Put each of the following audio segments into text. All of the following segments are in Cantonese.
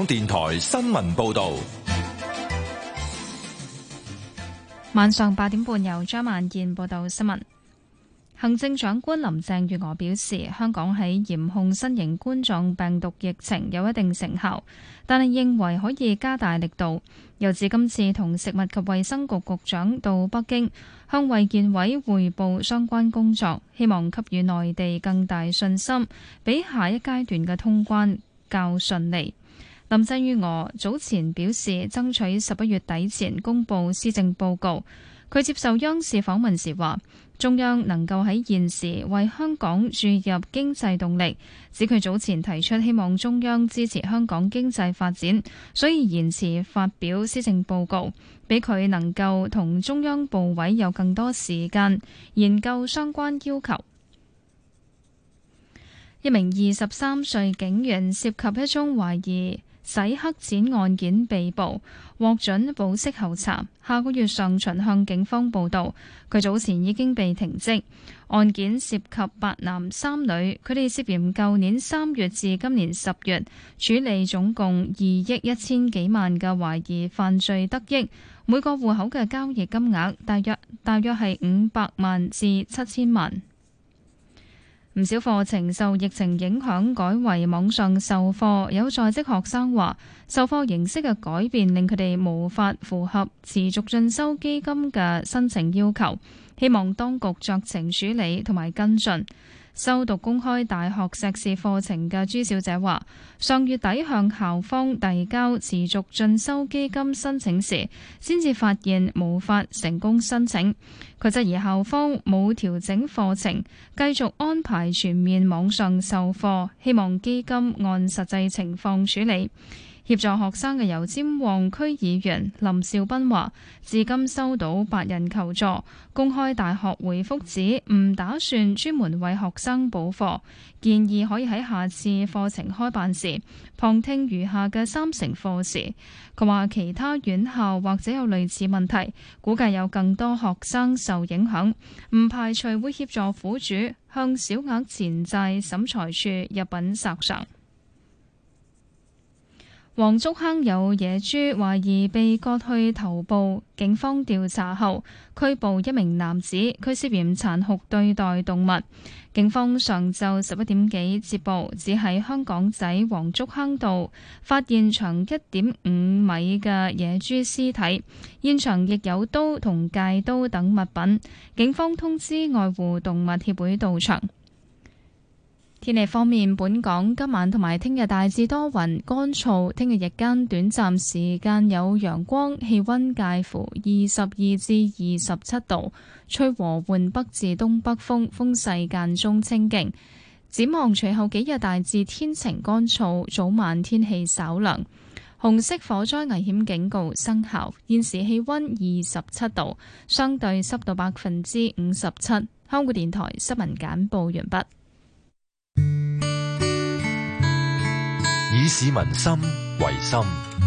香港電台新聞報道，晚上八點半由張萬燕報道新聞。行政長官林鄭月娥表示，香港喺嚴控新型冠狀病毒疫情有一定成效，但係認為可以加大力度。又指今次同食物及衛生局局長到北京向衛健委匯報相關工作，希望給予內地更大信心，俾下一階段嘅通關較順利。林鄭月娥早前表示，爭取十一月底前公布施政報告。佢接受央視訪問時話中央能夠喺現時為香港注入經濟動力。指佢早前提出希望中央支持香港經濟發展，所以延遲發表施政報告，俾佢能夠同中央部委有更多時間研究相關要求。一名二十三歲警員涉及一宗懷疑。洗黑錢案件被捕，獲准保釋候查，下個月上旬向警方報道。佢早前已經被停職。案件涉及八男三女，佢哋涉嫌舊年三月至今年十月處理總共二億一千幾萬嘅懷疑犯罪得益，每個戶口嘅交易金額大約大約係五百萬至七千萬。唔少課程受疫情影響，改為網上授課，有在職學生話，授課形式嘅改變令佢哋無法符合持續進修基金嘅申請要求，希望當局酌情處理同埋跟進。修讀公開大學碩士課程嘅朱小姐話：上月底向校方遞交持續進修基金申請時，先至發現無法成功申請。佢質疑校方冇調整課程，繼續安排全面網上授課，希望基金按實際情況處理。協助學生嘅油尖旺區議員林兆斌話，至今收到八人求助，公開大學回覆指唔打算專門為學生補課，建議可以喺下次課程開辦時旁聽餘下嘅三成課時。佢話其他院校或者有類似問題，估計有更多學生受影響，唔排除會協助苦主向小額錢債審裁處入禀索償。黃竹坑有野豬懷疑被割去頭部，警方調查後拘捕一名男子，佢涉嫌殘酷對待動物。警方上晝十一點幾接報，只喺香港仔黃竹坑道發現長一點五米嘅野豬屍體，現場亦有刀同戒刀等物品。警方通知愛護動物協會到場。天氣方面，本港今晚同埋聽日大致多雲乾燥，聽日日間短暫時間有陽光，氣溫介乎二十二至二十七度，吹和緩北至東北風，風勢間中清勁。展望隨後幾日大致天晴乾燥，早晚天氣稍涼。紅色火災危險警告生效，現時氣溫二十七度，相對濕度百分之五十七。香港電台新聞簡報完畢。以市民心為心，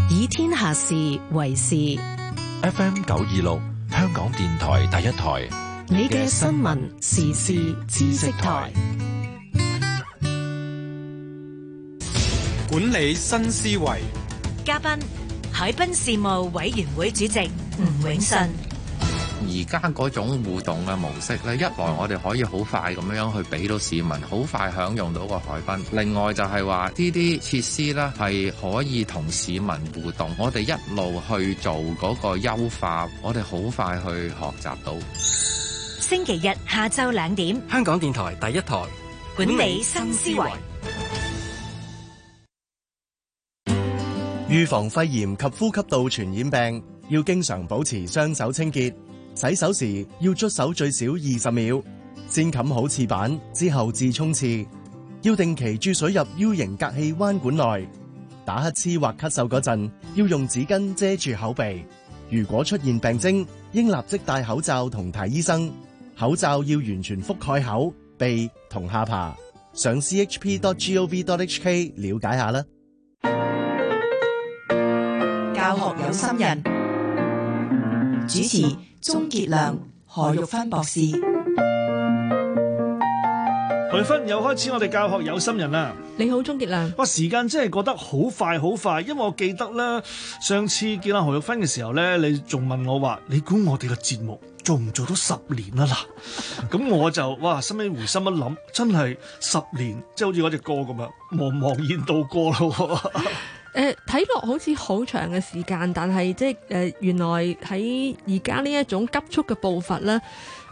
以天下事為事。FM 九二六，香港電台第一台，你嘅新聞時事知識台，管理新思維。嘉賓，海濱事務委員會主席吳永信。而家嗰種互動嘅模式咧，一來我哋可以好快咁樣去俾到市民好快享用到個海濱，另外就係話呢啲設施咧係可以同市民互動，我哋一路去做嗰個優化，我哋好快去學習到。星期日下晝兩點，香港電台第一台，管理新思維。預防肺炎及呼吸道傳染病，要經常保持雙手清潔。洗手時要捽手最少二十秒，先冚好廁板，之後至沖廁。要定期注水入 U 型隔氣彎管內。打乞嗤或咳嗽嗰陣，要用紙巾遮住口鼻。如果出現病徵，應立即戴口罩同睇醫生。口罩要完全覆蓋口鼻同下巴。上 chp.gov.hk 了解下啦。教學有心人。主持鍾傑良、何玉芬博士，何玉芬又開始我哋教學有心人啦。你好，鍾傑良。哇，時間真係過得好快好快，因為我記得咧，上次見阿何玉芬嘅時候咧，你仲問我話，你估我哋個節目做唔做到十年啦啦？咁 我就哇，心尾回心一諗，真係十年，即係好似嗰隻歌咁樣，茫茫然度過咯。 誒睇落好似好長嘅時間，但係即係誒、呃、原來喺而家呢一種急速嘅步伐啦，誒、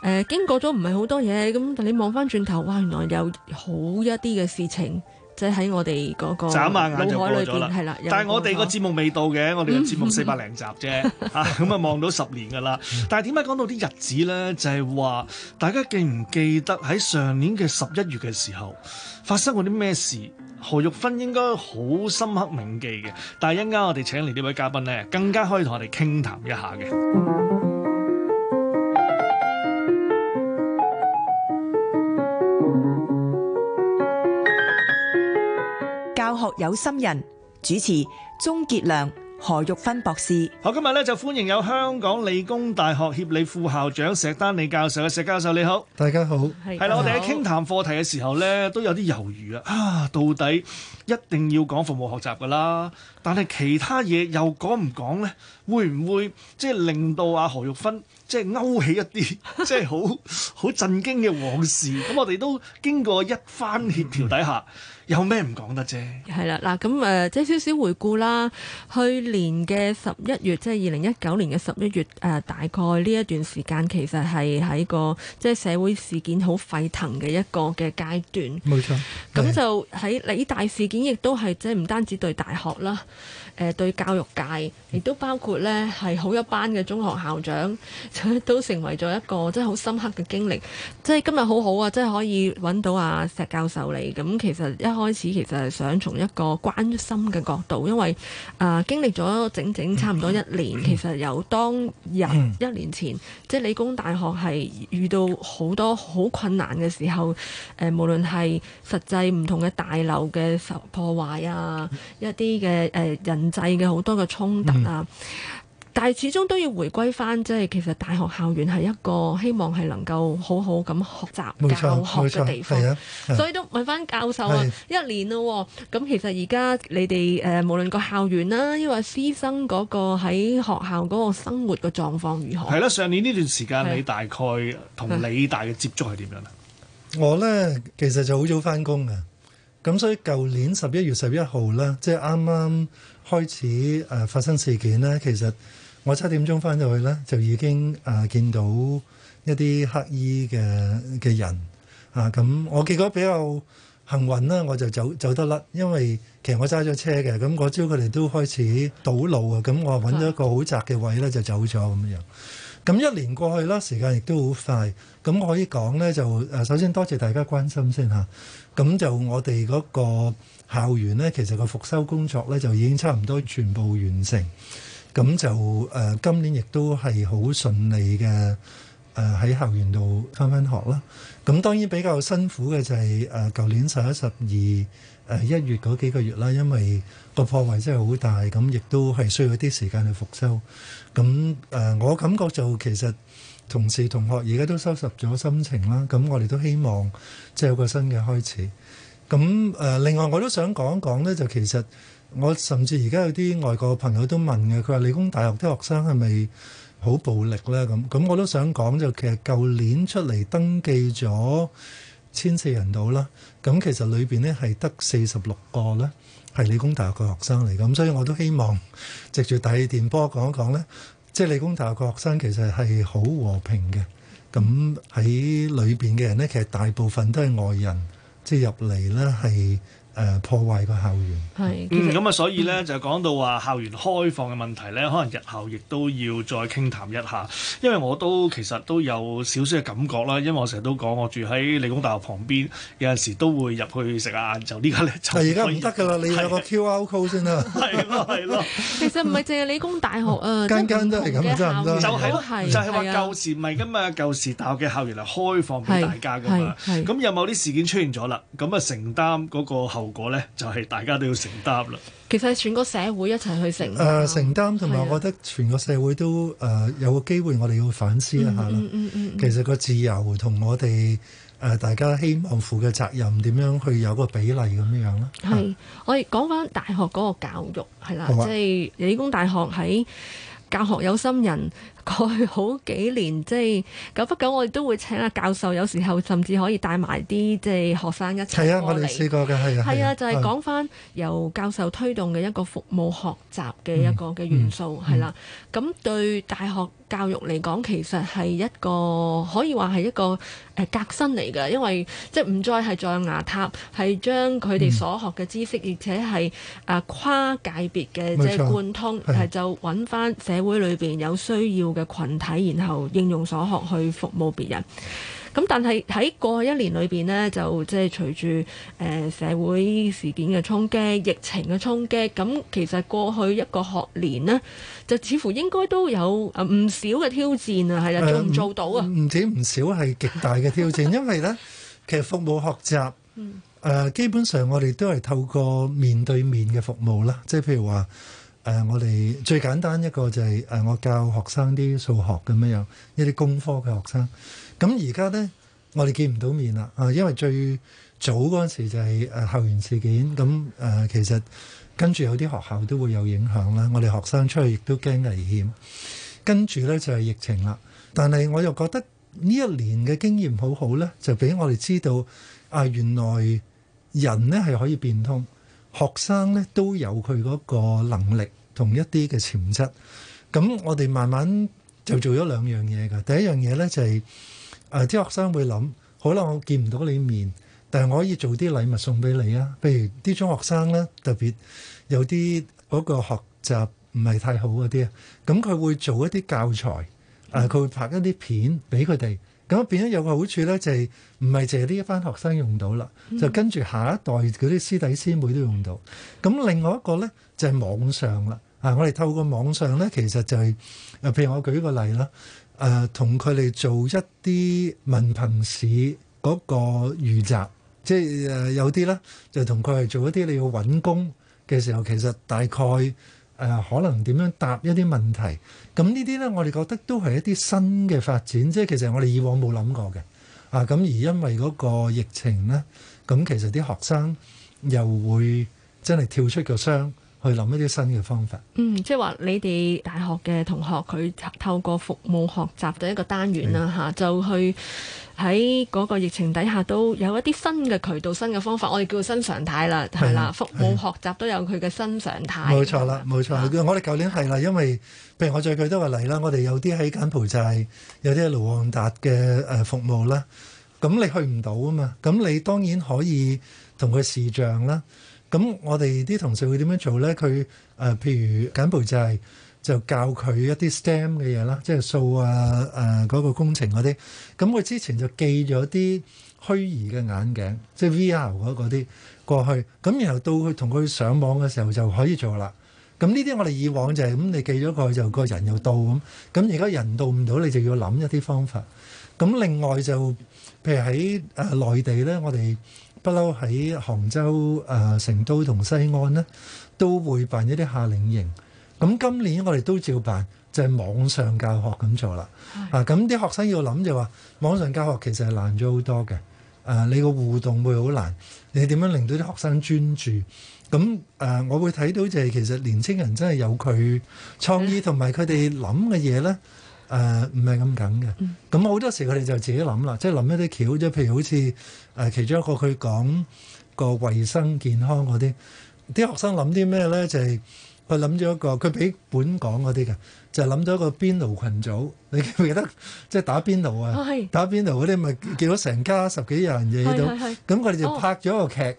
呃、經過咗唔係好多嘢咁，但你望翻轉頭哇，原來有好一啲嘅事情，即係喺我哋嗰個腦海裏邊，轉眼就過咗啦，係啦。但係我哋個節目未到嘅，我哋嘅節目四百零集啫嚇，咁、嗯嗯、 啊望到十年噶啦。但係點解講到啲日子咧，就係、是、話大家記唔記得喺上年嘅十一月嘅時候發生過啲咩事？何玉芬應該好深刻銘記嘅，但係一陣間我哋請嚟呢位嘉賓咧，更加可以同我哋傾談，談一下嘅。教學有心人，主持鍾傑良。何玉芬博士，好，今日咧就歡迎有香港理工大學協理副校長石丹理教授。嘅石教授你好，大家好。係啦，我哋喺傾談課題嘅時候咧，都有啲猶豫啊。啊，到底一定要講服務學習㗎啦？但係其他嘢又講唔講呢？會唔會即係、就是、令到阿何玉芬即係勾起一啲即係好好震驚嘅往事？咁我哋都經過一番協調底下，嗯、有咩唔講得啫？係啦，嗱咁誒，即係少少回顧啦。去年嘅十一月，即係二零一九年嘅十一月，誒、呃、大概呢一段時間其實係喺個即係社會事件好沸騰嘅一個嘅階段。冇錯，咁、嗯、就喺理大事件，亦都係即係唔單止對大學啦。誒、呃、對教育界，亦都包括呢係好一班嘅中學校長，都成為咗一個即係好深刻嘅經歷。即係今日好好啊，即係可以揾到阿、啊、石教授嚟。咁、嗯、其實一開始其實係想從一個關心嘅角度，因為誒、呃、經歷咗整整差唔多一年，其實由當日一年前， 即係理工大學係遇到好多好困難嘅時候，誒、呃、無論係實際唔同嘅大樓嘅受破壞啊，一啲嘅誒，人際嘅好多嘅衝突啊，嗯、但係始終都要回歸翻，即係其實大學校園係一個希望係能夠好好咁學習教學嘅地方，啊啊、所以都問翻教授啊，啊一年咯、哦，咁其實而家你哋誒、呃、無論、啊、個校園啦，因為師生嗰個喺學校嗰個生活嘅狀況如何？係啦，上年呢段時間、啊、你大概同理大嘅接觸係點樣啊？啊啊啊我呢其實就好早翻工啊。咁所以舊年十一月十一號咧，即係啱啱開始誒、呃、發生事件咧。其實我七點鐘翻入去咧，就已經誒、呃、見到一啲黑衣嘅嘅人啊。咁我結果比較幸運啦，我就走走得甩，因為其實我揸咗車嘅。咁嗰朝佢哋都開始堵路啊，咁我揾咗一個好窄嘅位咧，就走咗咁樣。咁一年過去啦，時間亦都好快。咁可以講呢，就誒首先多謝大家關心先嚇。咁就我哋嗰個校園呢，其實個復修工作呢，就已經差唔多全部完成。咁就誒、呃、今年亦都係好順利嘅。誒喺校園度返返學啦，咁當然比較辛苦嘅就係誒舊年十一、十二、誒一月嗰幾個月啦，因為個破壞真係好大，咁亦都係需要一啲時間去復修。咁誒，我感覺就其實同事同學而家都收拾咗心情啦，咁我哋都希望即係有個新嘅開始。咁誒，另外我都想講一講呢，就其實我甚至而家有啲外國朋友都問嘅，佢話理工大學啲學生係咪好暴力啦。咁咁，我都想講就其實舊年出嚟登記咗千四人度啦。咁其實裏邊呢係得四十六個呢係理工大學嘅學生嚟，咁，所以我都希望藉住大氣電波講一講呢，即係理工大學嘅學生其實係好和平嘅。咁喺裏邊嘅人呢，其實大部分都係外人，即係入嚟呢係。誒破壞個校園，嗯咁啊，嗯嗯，所以咧就講到話校園開放嘅問題咧，可能日後亦都要再傾談一下，因為我都其實都有少少嘅感覺啦，因為我成日都講，我住喺理工大學旁邊，有陣時都會入去食下晏晝。這個、呢家咧就係而家唔得㗎啦，你有個 QR code，啊、先啦、啊。係咯係咯，其實唔係淨係理工大學啊，間間都係咁差唔多，就係話舊時唔係㗎嘛，舊時、就是就是、大學嘅校園係開放俾大家㗎嘛，咁有、嗯、某啲事件出現咗啦，咁啊承擔嗰個。後果咧，就係大家都要承擔啦。其實係全個社會一齊去承誒、呃、承擔，同埋我覺得全個社會都誒有個機會，我哋要反思一下啦、嗯。嗯嗯，嗯。其實個自由同我哋誒、呃、大家希望負嘅責任，點樣去有個比例咁樣樣咧？係是、啊、我哋講翻大學嗰個教育係啦，即係、啊、理工大學喺教學有心人。過去好幾年，即係咁，久不久我哋都會請阿教授，有時候甚至可以帶埋啲即係學生一齊嚟。係啊，我哋試過嘅係啊。係啊，就係、是、講翻由教授推動嘅一個服務學習嘅一個嘅元素係啦。咁、嗯嗯嗯啊、對大學教育嚟講，其實係一個可以話係一個誒、呃、革新嚟㗎，因為即係唔再係在牙塔，係將佢哋所學嘅知識，嗯、而且係誒、呃、跨界別嘅，即係冇錯、貫通，係就揾翻社會裏邊有需要嘅群體，然後應用所學去服務別人。咁但係喺過去一年裏邊呢，就即係隨住誒社會事件嘅衝擊、疫情嘅衝擊，咁其實過去一個學年呢，就似乎應該都有啊唔少嘅挑戰啊，係啦，做唔做到啊？唔止唔少係極大嘅挑戰，因為呢，其實服務學習，誒、呃、基本上我哋都係透過面對面嘅服務啦，即係譬如話。誒、啊，我哋最簡單一個就係、是、誒、啊，我教學生啲數學咁樣樣，一啲工科嘅學生。咁而家咧，我哋見唔到面啦。啊，因為最早嗰陣時就係誒校園事件，咁、啊、誒其實跟住有啲學校都會有影響啦。我哋學生出去亦都驚危險。跟住咧就係、是、疫情啦。但係我又覺得呢一年嘅經驗好好咧，就俾我哋知道啊，原來人咧係可以變通。學生咧都有佢嗰個能力同一啲嘅潛質，咁我哋慢慢就做咗兩樣嘢㗎。第一樣嘢咧就係誒啲學生會諗，可能我見唔到你面，但係我可以做啲禮物送俾你啊。譬如啲中學生咧特別有啲嗰個學習唔係太好嗰啲啊，咁佢會做一啲教材，誒、呃、佢會拍一啲片俾佢哋。咁變咗有個好處咧，就係唔係淨係呢一班學生用到啦，就跟住下一代嗰啲師弟師妹都用到。咁另外一個咧就係網上啦，啊，我哋透過網上咧，其實就係，啊，譬如我舉個例啦，誒，同佢哋做一啲文憑試嗰個預習，即係誒有啲咧，就同佢哋做一啲你要揾工嘅時候，其實大概。誒可能點樣答一啲問題？咁呢啲呢，我哋覺得都係一啲新嘅發展，即係其實我哋以往冇諗過嘅。啊，咁而因為嗰個疫情呢，咁其實啲學生又會真係跳出個箱。去諗一啲新嘅方法。嗯，即係話你哋大學嘅同學，佢透過服務學習嘅一個單元啦，嚇的、啊、就去喺嗰個疫情底下都有一啲新嘅渠道、新嘅方法，我哋叫做新常態啦，係啦，服務學習都有佢嘅新常態。冇錯啦，冇錯的。的我哋舊年係啦，因為譬如我再舉多個例啦，我哋有啲喺柬埔寨，有啲喺盧旺達嘅誒服務啦。咁你去唔到啊嘛，咁你當然可以同佢視像啦。咁我哋啲同事會點樣做咧？佢誒譬如柬埔寨就係就教佢一啲 STEM 嘅嘢啦，即係數啊誒嗰個工程嗰啲。咁佢之前就寄咗啲虛擬嘅眼鏡，即係 VR 嗰嗰啲過去。咁然後到佢同佢上網嘅時候就可以做啦。咁呢啲我哋以往就係咁，你寄咗過去就個人又到咁。咁而家人到唔到，你就要諗一啲方法。咁另外就譬如喺誒內地咧，我哋，不嬲喺杭州、誒、呃、成都同西安咧，都會辦一啲夏令營。咁今年我哋都照辦，就係網上教學咁做啦。啊，咁啲學生要諗就話，網上教學其實係難咗好多嘅。誒、啊，你個互動會好難，你點樣令到啲學生專注？咁誒、啊，我會睇到就係其實年青人真係有佢創意同埋佢哋諗嘅嘢咧，誒唔係咁緊嘅，咁好、呃、多時佢哋就自己諗啦，即係諗一啲橋啫。譬如好似誒、呃、其中一個佢講個衞生健康嗰啲，啲學生諗啲咩咧？就係佢諗咗一個，佢俾本港嗰啲嘅，就諗、是、咗個邊爐群組。你記唔記得即係、就是、打邊爐啊？哦、打邊爐嗰啲咪見到成家十幾人嘢度。咁佢哋就拍咗個劇，哦、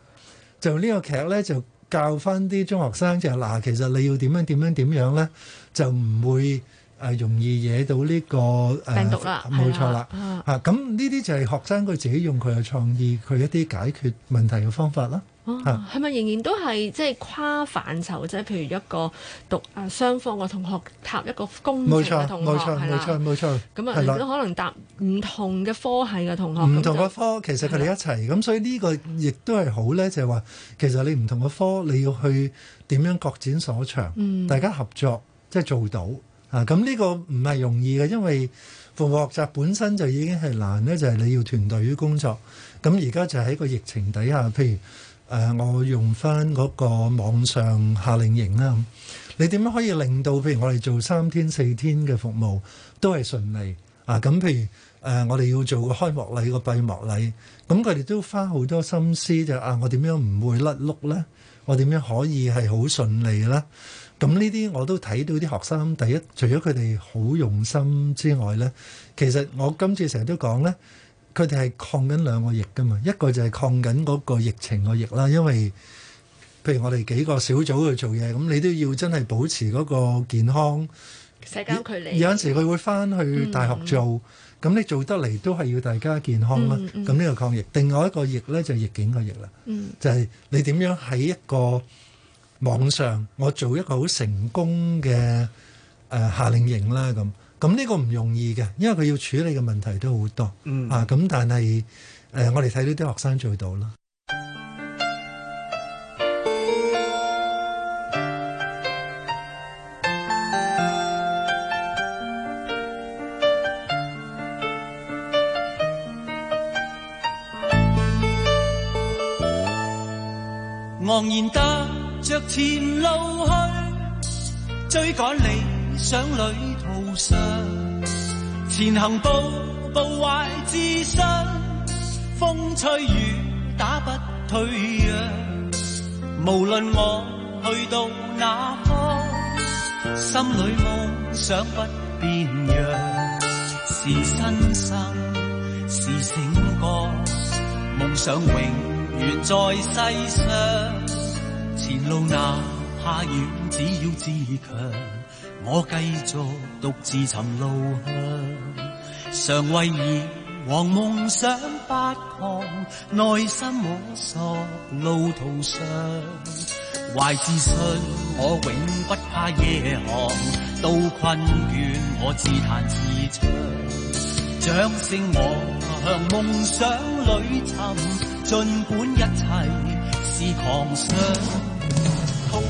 就呢個劇咧就教翻啲中學生就嗱、啊，其實你要點樣點樣點樣咧，就唔會。誒容易惹到呢個誒病毒啦，冇錯啦嚇。咁呢啲就係學生佢自己用佢嘅創意，佢一啲解決問題嘅方法啦。哦，係咪仍然都係即係跨範疇？即係譬如一個讀啊雙方嘅同學搭一個工程嘅同學，係冇錯，冇錯。咁啊，都可能搭唔同嘅科系嘅同學，唔同嘅科其實佢哋一齊。咁所以呢個亦都係好咧，就係話其實你唔同嘅科你要去點樣各展所長，大家合作即係做到。啊，咁呢個唔係容易嘅，因為服務學習本身就已經係難咧，就係你要團隊於工作。咁而家就喺個疫情底下，譬如誒，我用返嗰個網上夏令營啦。你點樣可以令到譬如我哋做三天四天嘅服務都係順利？啊，咁譬如誒，我哋要做個開幕禮個閉幕禮，咁佢哋都花好多心思就啊，我點樣唔會甩碌咧？我點樣可以係好順利咧？咁呢啲我都睇到啲學生，第一除咗佢哋好用心之外咧，其實我今次成日都講咧，佢哋係抗緊兩個疫噶嘛，一個就係抗緊嗰個疫情個疫啦，因為譬如我哋幾個小組去做嘢，咁你都要真係保持嗰個健康、社交距離。有陣時佢會翻去大學做，咁、嗯、你做得嚟都係要大家健康啦。咁呢、嗯嗯、個抗疫，另外一個疫咧就逆境個逆啦，就係、是嗯、你點樣喺一個網上我做一個好成功嘅誒、呃、夏令營啦，咁咁呢個唔容易嘅，因為佢要處理嘅問題都好多，嗯、啊咁但係誒、呃、我哋睇呢啲學生做到啦，嗯 前路去，追趕理想旅途上，前行步步懷自信，風吹雨打不退讓。無論我去到哪方，心裏夢想不變樣。是新生，是醒覺，夢想永遠在世上。前路那怕遠，只要自強，我繼續獨自尋路向。常為疑和夢想不狂，內心摸索路途上。懷自信，我永不怕夜航，到困倦我自彈自唱。掌聲我向夢想裏尋，儘管一切是狂想。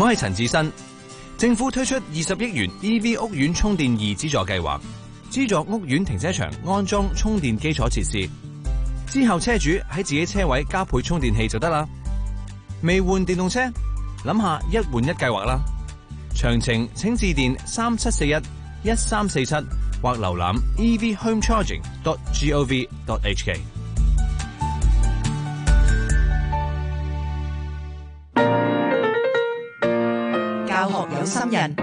我係陳志新，政府推出二十億元 E V 屋苑充電易資助計劃，資助屋苑停車場安裝充電基礎設施，之後車主喺自己車位加配充電器就得啦。未換電動車，諗下一換一計劃啦。詳情請致電三七四一一三四七或瀏覽 e v home charging dot g o v dot h k。人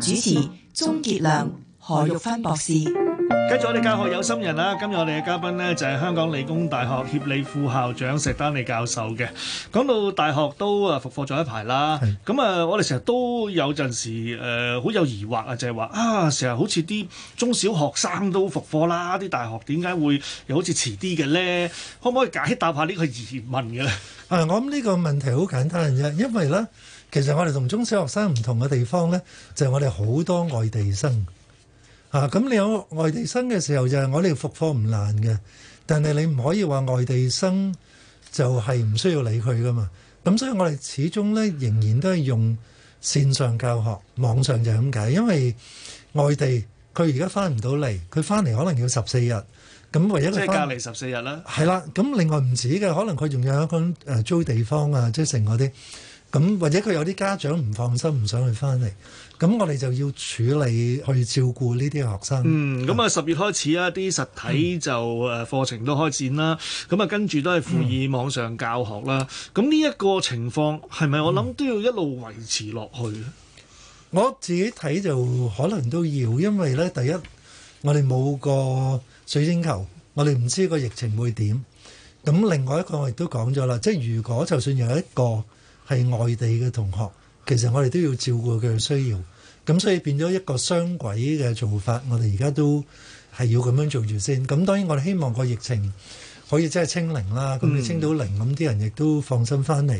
主持鍾杰亮、何玉芬博士。跟住我哋教學有心人啦。今日我哋嘅嘉賓呢，就係、是、香港理工大學協理副校長石丹理教授嘅。講到大學都啊復課咗一排啦。咁是啊，我哋成日都有陣時誒，好、呃、有疑惑、就是、啊，就係話啊，成日好似啲中小學生都復課啦，啲大學點解會又好似遲啲嘅咧？可唔可以解答下呢個疑問嘅？啊，我諗呢個問題好簡單嘅啫，因為咧。其實我哋同中小學生唔同嘅地方咧，就係我哋好多外地生啊！咁你有外地生嘅時候就係我哋復課唔難嘅，但係你唔可以話外地生就係唔需要理佢噶嘛。咁所以我哋始終咧仍然都係用線上教學，網上就係咁解，因為外地佢而家翻唔到嚟，佢翻嚟可能要十四日。咁唯一即係隔離十四日啦。係啦，咁另外唔止嘅，可能佢仲有一個誒租地方啊，即係成嗰啲。咁或者佢有啲家長唔放心，唔想去返嚟，咁我哋就要處理去照顧呢啲學生。嗯，咁啊，十月開始啊，啲實體就誒課程都開展啦。咁啊，跟住都係輔以網上教學啦。咁呢一個情況係咪我諗都要一路維持落去咧？我自己睇就可能都要，因為咧第一我哋冇個水晶球，我哋唔知個疫情會點。咁另外一個我亦都講咗啦，即係如果就算有一個。係外地嘅同學，其實我哋都要照顧佢嘅需要，咁所以變咗一個雙軌嘅做法。我哋而家都係要咁樣做住先。咁當然我哋希望個疫情可以即係清零啦。咁你清到零，咁啲人亦都放心翻嚟，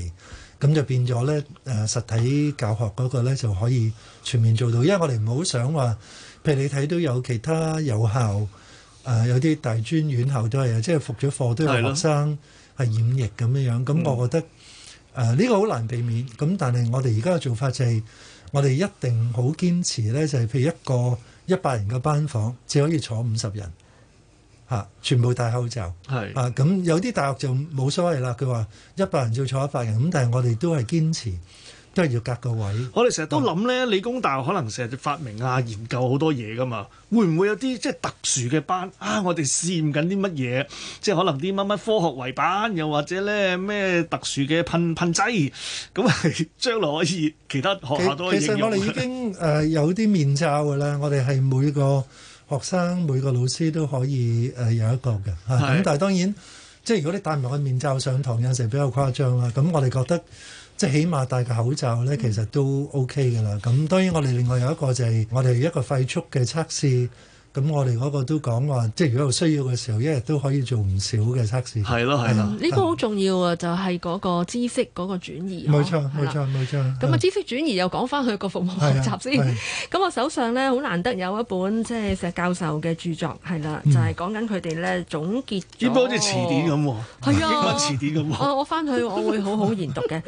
咁就變咗咧誒實體教學嗰個咧就可以全面做到。因為我哋唔好想話，譬如你睇到有其他有效誒有啲大專院校都係啊，即係復咗課都有學生係染疫咁樣樣。咁我覺得。誒呢、啊，這個好難避免，咁但係我哋而家嘅做法就係、是，我哋一定好堅持咧，就係、是、譬如一個一百人嘅班房只可以坐五十人，嚇，全部戴口罩，係是啊，咁有啲大學就冇所謂啦，佢話一百人就要坐一百人，咁但係我哋都係堅持。都係要隔個位。我哋成日都諗咧，嗯、理工大學可能成日發明啊、研究好多嘢噶嘛，會唔會有啲即係特殊嘅班啊？我哋試驗緊啲乜嘢？即係可能啲乜乜科學圍板，又或者咧咩特殊嘅噴噴劑？咁係將來可以其他學校，其實我哋已經誒、呃、有啲面罩㗎啦。 我哋係每個學生、每個老師都可以誒、呃、有一個嘅。咁、啊、的但係當然，即係如果你戴唔埋個面罩上堂，有陣時比較誇張啦。咁我哋覺得。即係起碼戴個口罩呢，其實都 OK 㗎啦。咁當然我哋另外有一個就係、是、我哋一個快速嘅測試。咁我哋嗰個都講話，即係如果需要嘅時候，一日都可以做唔少嘅測試。係咯，係啦。呢個好重要啊，就係嗰個知識嗰個轉移。冇錯，冇錯，冇錯。咁啊，知識轉移又講翻去個服務學習先。咁我手上咧好難得有一本即係石教授嘅著作。係啦，就係講緊佢哋咧總結。點解好似詞典咁喎？係啊，英文詞典咁喎。我翻去我會好好研讀嘅。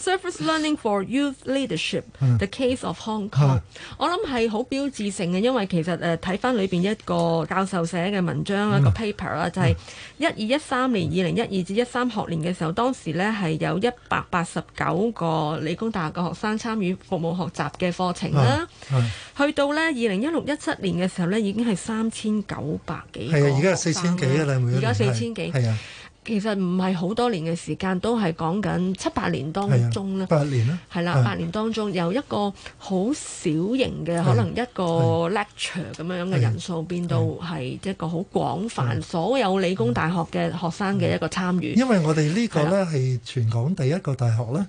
Service learning for youth leadership: the case of Hong Kong。我諗係好標誌性嘅，因為其實誒。睇翻裏邊一個教授寫嘅文章，一個 paper 啦，嗯、就係一二一三年二零一二至一三學年嘅時候，當時呢係有一百八十九個理工大學嘅學生參與服務學習嘅課程啦。嗯嗯、去到呢二零一六一七年嘅時候呢已經係三千九百幾個。係啊，而家四千幾啊，每一年。而家四千幾。係啊。其實唔係好多年嘅時間，都係講緊七八年當中啦。八年啦，係啦，八年當中由一個好小型嘅可能一個 lecture 咁樣嘅人數變到係一個好廣泛，所有理工大學嘅學生嘅一個參與。因為我哋呢個呢係全港第一個大學呢，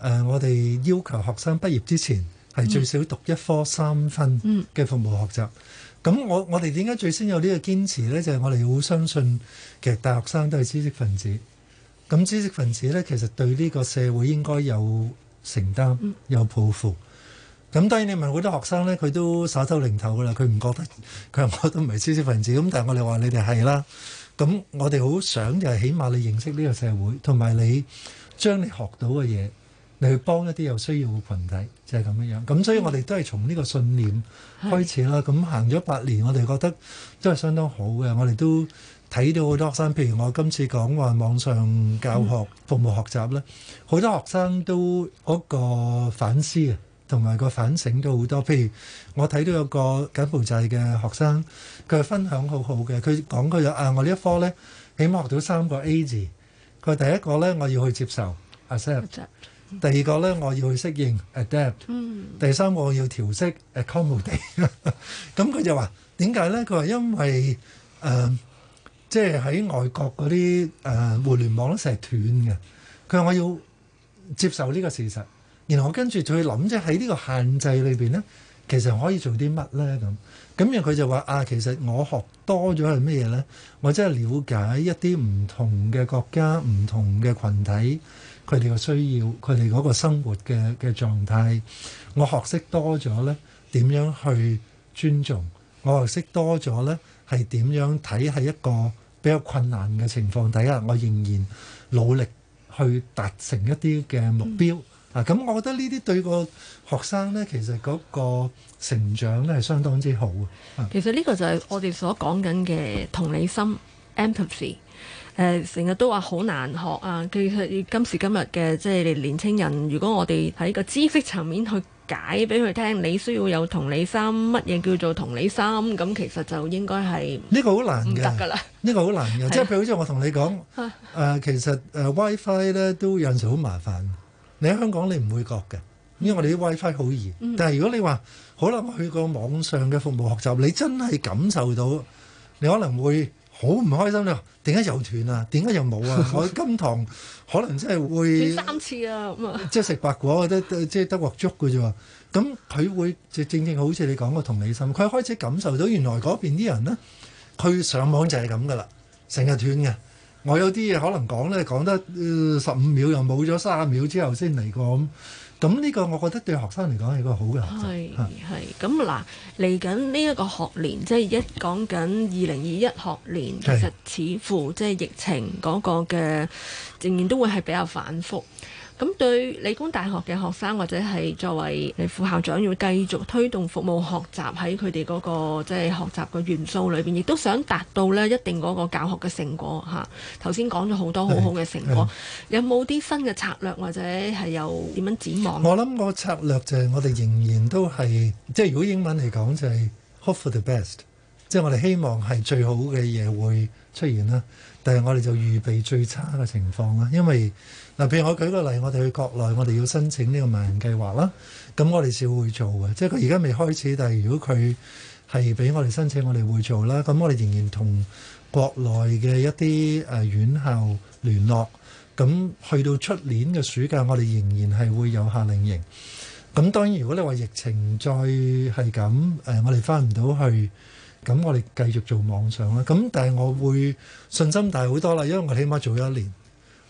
誒，我哋要求學生畢業之前係最少讀一科三分嘅服務學習。咁我我哋點解最先有呢個堅持呢？就係我哋好相信，其實大學生都係知識分子。咁知識分子呢，其實對呢個社會應該有承擔，有抱負。咁當然你問好多學生呢，佢都耍手擰頭㗎喇，佢唔覺得佢話我都唔係知識分子。咁但係我哋話你哋係啦。咁我哋好想就係起碼你認識呢個社會，同埋你將你學到嘅嘢。你去幫一啲有需要嘅羣體，就係咁樣樣咁，所以我哋都係從呢個信念開始啦。咁行咗八年，我哋覺得都係相當好嘅。我哋都睇到好多學生，譬如我今次講話網上教學服務學習咧，好多學生都嗰個反思啊，同埋個反省都好多。譬如我睇到有個柬埔寨嘅學生，佢分享好好嘅，佢講佢啊，我呢一科咧，起碼學到三個 A 字。佢第一個咧，我要去接受 accept。第二個咧，我要去適應 adapt。第三個我要調適 accommodate。咁佢就話點解咧？佢話因為誒，即係喺外國嗰啲誒互聯網都成日斷嘅。佢話我要接受呢個事實。然後我跟住再去諗，即係喺呢個限制裏邊咧，其實可以做啲乜咧？咁咁然後佢就話啊，其實我學多咗係咩嘢咧？我真係瞭解一啲唔同嘅國家、唔同嘅羣體。佢哋個需要，佢哋嗰個生活嘅嘅狀態，我學識多咗呢，點樣去尊重？我學識多咗呢，係點樣睇喺一個比較困難嘅情況底下，我仍然努力去達成一啲嘅目標啊！咁我覺得呢啲對個學生呢，其實嗰個成長呢係相當之好嘅啊！其實呢個就係我哋所講緊嘅同理心 （empathy）。誒成日都話好難學啊！其實今時今日嘅即係你年青人，如果我哋喺個知識層面去解俾佢聽，你需要有同理心，乜嘢叫做同理心？咁其實就應該係呢個好難得㗎啦！呢個好難嘅，即係譬如好似我同你講誒、啊呃，其實誒 WiFi 咧都有陣時好麻煩。你喺香港你唔會覺嘅，因為我哋啲 WiFi 好易。但係如果你話可能去個網上嘅服務學習，你真係感受到你可能會。好唔開心啦！點解又斷啊？點解又冇啊？ 我今堂可能真係會斷三次啊！咁啊，即係食白果，得即係得個粥嘅啫喎。咁佢會正正好似你講個同理心，佢開始感受到原來嗰邊啲人咧，佢上網就係咁噶啦，成日斷嘅。我有啲嘢可能講咧，講得十五秒又冇咗，卅秒之後先嚟過咁。咁呢個我覺得對學生嚟講係一個好嘅學習。係係，咁嗱嚟緊呢一個學年，即係一講緊二零二一學年，其實似乎即係疫情嗰個嘅仍然都會係比較反覆。咁對理工大學嘅學生或者係作為你副校長，要繼續推動服務學習喺佢哋嗰個即係、就是、學習嘅元素裏邊，亦都想達到咧一定嗰個教學嘅成果嚇。頭先講咗好多好好嘅成果，有冇啲新嘅策略或者係有點樣展望？我諗個策略就係我哋仍然都係即係如果英文嚟講就係 Hope for the best，即係我哋希望係最好嘅嘢會出現啦。但係我哋就預備最差嘅情況啦，因為嗱，譬如我舉個例，我哋去國內，我哋要申請呢個萬人計劃啦。咁我哋少會做嘅，即係佢而家未開始，但係如果佢係俾我哋申請，我哋會做啦。咁我哋仍然同國內嘅一啲誒院校聯絡。咁去到出年嘅暑假，我哋仍然係會有夏令營。咁當然，如果你話疫情再係咁，誒我哋返唔到去，咁我哋繼續做網上啦。咁但係我會信心大好多啦，因為我起碼做咗一年。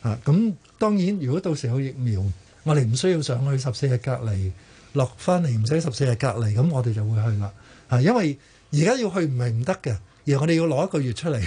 啊，咁當然，如果到時候有疫苗，我哋唔需要上去十四日隔離，落翻嚟唔使十四日隔離，咁我哋就會去啦。啊，因為而家要去唔係唔得嘅，而我哋要攞一個月出嚟，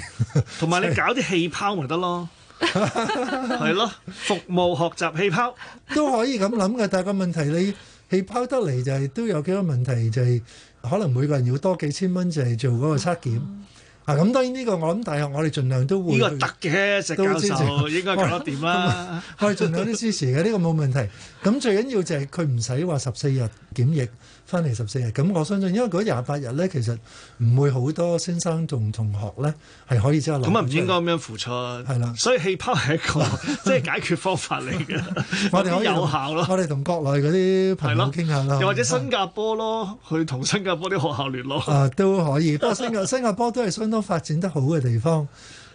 同埋你搞啲氣泡咪得咯，係 咯，服務學習氣泡 都可以咁諗嘅。但係個問題你氣泡得嚟就係都有幾多問題，就係、是、可能每個人要多幾千蚊就係做嗰個測檢。嗯嗱，咁、啊、當然呢、呢個我諗，大學我哋儘量都會。呢個得嘅，石教授應該搞得掂啦、啊？我哋盡量都支持嘅，呢 個冇問題。咁最緊要就係佢唔使話十四日檢疫。翻嚟十四日，咁我相信，因為嗰廿八日咧，其實唔會好多先生同同學咧，係可以即刻攬。咁啊，唔應該咁樣付出，係啦的。所以氣泡係一個即係 解決方法嚟嘅， 我哋可以有效咯。我哋同國內嗰啲朋友傾下啦，又或者新加坡咯，的去同新加坡啲學校聯絡。啊，都可以。不過新新新加坡都係相當發展得好嘅地方，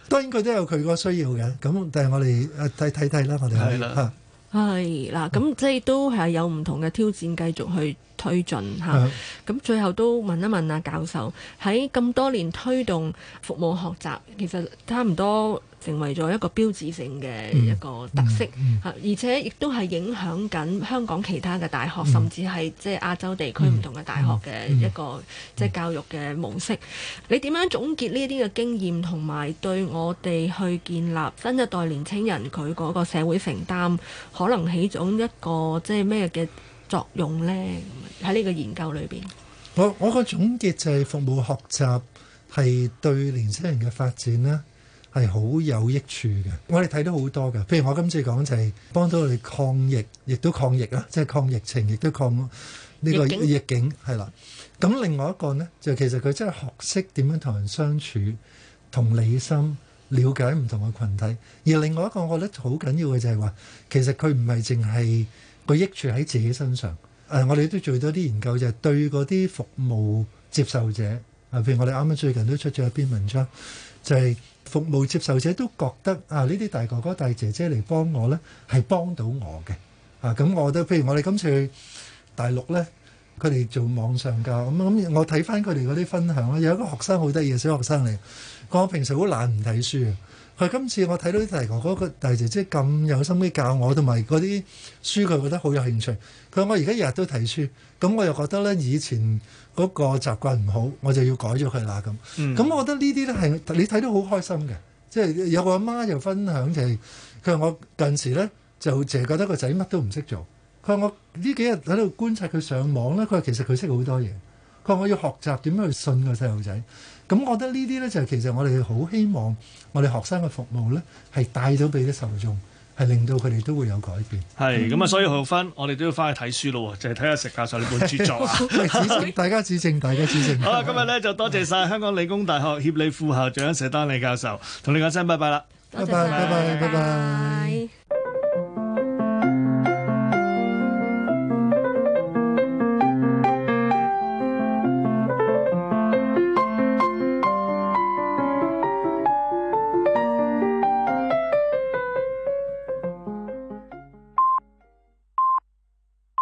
當然佢都有佢個需要嘅。咁但係我哋睇睇睇啦，我哋嚇。係啦，咁即係都係有唔同嘅挑戰，繼續去推進吓，咁最後都問一問啊教授，喺咁多年推動服務學習，其實差唔多。成為咗一個標誌性嘅一個特色，嗯嗯、而且亦都係影響緊香港其他嘅大學，嗯、甚至係即係亞洲地區唔同嘅大學嘅一個即係教育嘅模式。嗯嗯、你點樣總結呢啲嘅經驗，同埋對我哋去建立新一代年輕人佢嗰個社會承擔，可能起咗一個即係咩嘅作用呢？喺呢個研究裏邊，我我個總結就係服務學習係對年輕人嘅發展啦。係好有益處嘅。我哋睇到好多嘅，譬如我今次講就係、是、幫到我哋抗疫，亦都抗疫啦、啊，即係抗疫情，亦都抗呢、這個疫境係啦。咁另外一個呢，就其實佢真係學識點樣同人相處，同理心了解唔同嘅群體。而另外一個我覺得好緊要嘅就係話，其實佢唔係淨係個益處喺自己身上。誒，我哋都做多啲研究就係對嗰啲服務接受者，譬如我哋啱啱最近都出咗一篇文章，就係、是。服務接受者都覺得啊，呢啲大哥哥大姐姐嚟幫我呢，係幫到我嘅。啊，咁、嗯、我覺得，譬如我哋今次去大陸呢，佢哋做網上教咁，咁、嗯嗯、我睇翻佢哋嗰啲分享咧，有一個學生好得意嘅，小學生嚟，講我平時好懶唔睇書嘅。佢今次我睇到啲大哥哥大姐姐咁有心機教我，同埋嗰啲書佢覺得好有興趣。佢話我而家日日都睇書，咁、嗯、我又覺得呢，以前。嗰個習慣唔好，我就要改咗佢啦咁。咁、嗯、我覺得呢啲咧係你睇到好開心嘅，即、就、係、是、有個阿媽就分享就嘅、是。佢話我近時咧就淨係覺得個仔乜都唔識做。佢話我呢幾日喺度觀察佢上網咧，佢話其實佢識好多嘢。佢話我要學習點樣去信個細路仔。咁我覺得呢啲咧就係其實我哋好希望我哋學生嘅服務咧係帶咗俾啲受眾。係令到佢哋都會有改變。係咁啊，所以何芬，我哋都要翻去睇書咯，就係睇下石教授呢本著作啊。大家指正，大家指正。好啦，今日咧就多謝晒香港理工大學協理副校長石丹理教授，同你講聲拜拜啦。多謝 bye bye, bye bye, bye bye。拜拜拜拜。